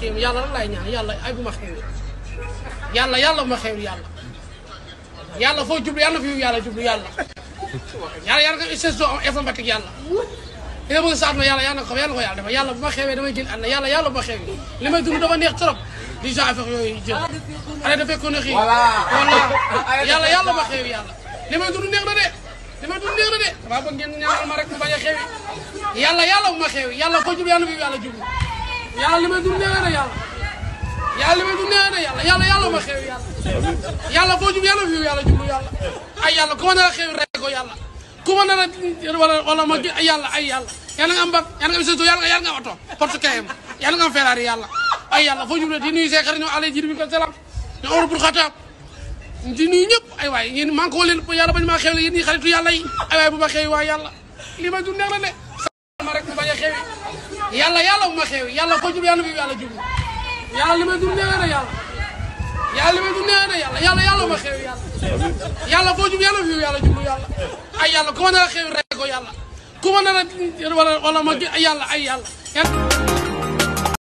xew yàlla rek laay ñaan yàlla ay bu ma xew yàlla yàlla bu ma xew yàlla yàlla foo jublu yàlla fi yàlla jublu yàlla yàlla yàlla nga ses do am informatique yàlla li nga bëgg sa aduna yàlla yàlla na ko yàlla ko yàlla dama yàlla bu ma xewee damay jël ànd yàlla yàlla bu ma xewee li may dund dama neex trop di gens affaire yooyu jël ale dafay ko ne xii voilà yàlla yàlla bu ma xewee yàlla li may dund neex na de li may dund neex na de dama bëgg ngeen ñaanal ma rek mu bañ a xewee yàlla yàlla bu ma xewee yàlla foo jublu yàlla fi yàlla jublu yàlla li may dund nee na yàlla yàlla li may dund nee na yàlla yàlla yàlla ma xew yàlla yàlla foo jub yàlla fiiw yàlla ku ma nar a xew rek ku ma nar a wala ma yàlla ay yàlla yàlla am bar yàlla nga am sato yàlla yàlla nga am yàlla nga am Ferrari yàlla ay yàlla foo jub di nuyu see xarit ñoom alay jir bi ko salaam ñoom Omar bul Xataab di nuyu ay waay yéen maa ngi leen yàlla bañ maa xew la yéen ñi xaritu yàlla yi ay waay bu ma xew waay yàlla li may dund nee ma rek mu yàlla ma xewi yàlla ko jub yàlla bu yàlla jub li may dund nee na yàlla yàlla ma xewi yàlla yàlla ko jub yàlla bu yàlla ay yàlla ku ma nar xewi rek ko yàlla ku ma nar a wala wala ay yàlla ay yàlla